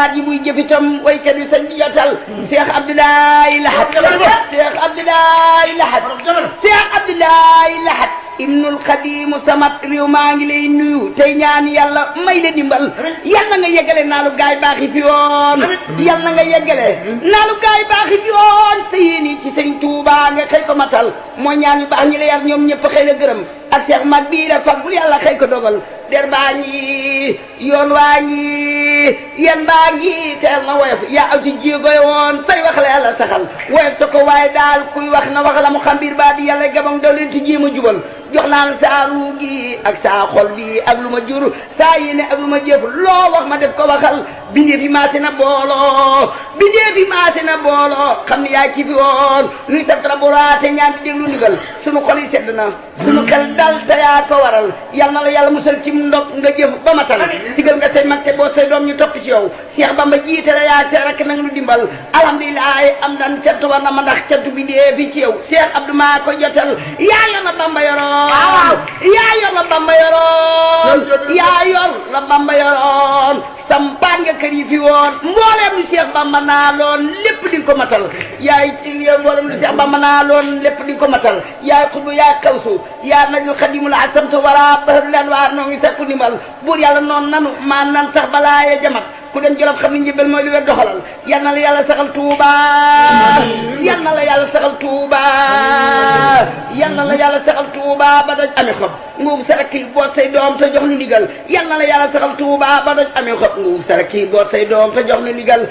baat yi muy jëf itam waykat yi sañ di jotal Cheikh Abdoulaye Lahad Cheikh Abdoulaye Lahad Cheikh Abdoulaye Lahad ibnul xadimu samat réew maa ngi lay nuyu tey ñaani yàlla may la dimbal yal na nga yeggale naa lu gaay baaxi fi woon yal na nga yeggale sa yéen yi ci Tuubaa nga xëy ko matal moo ñaan yu baax ñi la yar ñoom ñëpp xëy la gërëm ak Cheikh mag bii de kon bu yàlla xëy ko dogal der baa ngi yoon waa ngi yéen baa ngi teel na woyof yaa aw ci jéego yoon say wax la yàlla saxal woyof sa ko waaye daal kuy wax na wax la mu xam biir baa di yàlla gabam daw leen ci jéem a jubal jox naan saa ruu gi ak saa xol bi ak lu ma jur saa yéene ak lu ma jëf loo wax ma def ko waxal bindéef yi maase na booloo bindéef yi maase na booloo xam ni yaay ci fi woon luy tatra bolaate ah, ñaan di déglu ndigal sunu xol yi sedd na sunu xel dal te yaa ko waral yal na la musal ci ndog nga jëf ba matal sigal nga say mag te boo say doom ñu topp ci yow Cheikh Bamba jiite la yaa sa rakk nanga lu dimbal alhamdulilah am nan cant war na ma ndax cant bindéef ci yow Cheikh Abdou maa ko jotal yor la Bamba yoroon yaa yor la Bamba yoroon ah, Abubakar yi fi woon mbooleem lu Cheikh Bamba naaloon ko matal yaay yow mboolem lu Cheikh Bamba naa loon lépp di nga ko matal yaay xubu yaay xawsu yaa najul xadimul asamtu wala bahrul anwaar noo ngi sakku ndimbal buur yàlla noonu nanu ya ku dem jolof xam na la yàlla saxal tuuba yal na la yàlla saxal tuuba yal na la yàlla saxal tuuba ba daj amee xob nguub sa rakki boot say doom te jox nu ndigal yal na la yàlla saxal tuuba ba daj amee xob nguub sa rakki boot say doom te nu ndigal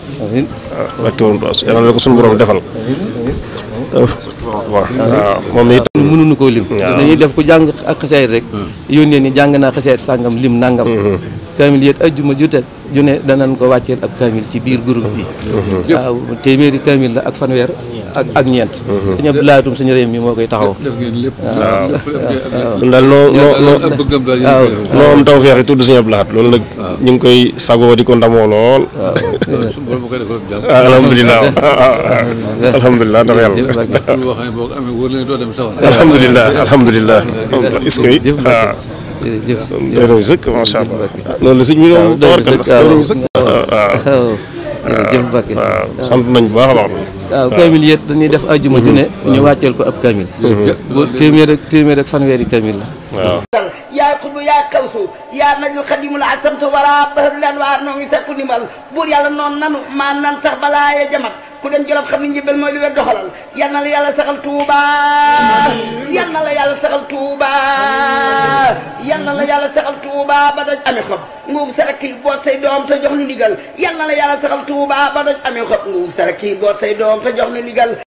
ak ki woon doos yàlla na ko suñu borom koo lim. dañuy def ku jàng ak xasaayit rek. Hmm. yónnee ni jàng naa xasaayit sàngam lim nangam. Hmm. kaamil yéet ajjuma jute ju ne danañ ko wàcceel ab kaamil ci biir groupe bi. Hmm. waaw téeméeri kaamil la ak fanweer. ak ak ñeent. Mhm. sëñ Abdoulaye Toum sëñ mi moo koy taxaw. def ngeen lépp. waaw waaw daal noo noo noo am tawféex yi tudd sëñ Abdoulaye loolu nag. ñu ngi koy sagoo di ko ndamoo lool. Ah, alhamdulilah ah, ah, alhamdulilah ndax alhamdulilah jërëjëf jërëjëf sëkk macha allah loolu sëñ bi waaw a baax kaamil yéet dañuy def ajuma ju ne ñu mhm. wàcceel ko ab kaamil mhm. bu téeméer ak fanweeri kaamil la waaw yaa xutbu yaa kawsu yaa naju xadimul asamta wala bahar lan waa noo ngi sakku ndimbal buur yàlla noonu nanu maa nan sax balaa ku dem jolof xam ni mooy lu wér doxalal yal yàlla saxal tuuba yal na la yàlla saxal tuuba na yàlla saxal tuuba ba daj amee xob nguub sarakii boot say doom te jox nu ndigal yàlla na yàlla saxal tuuba ba daj amee xob nguub sarakii boot say doom te jox nu gal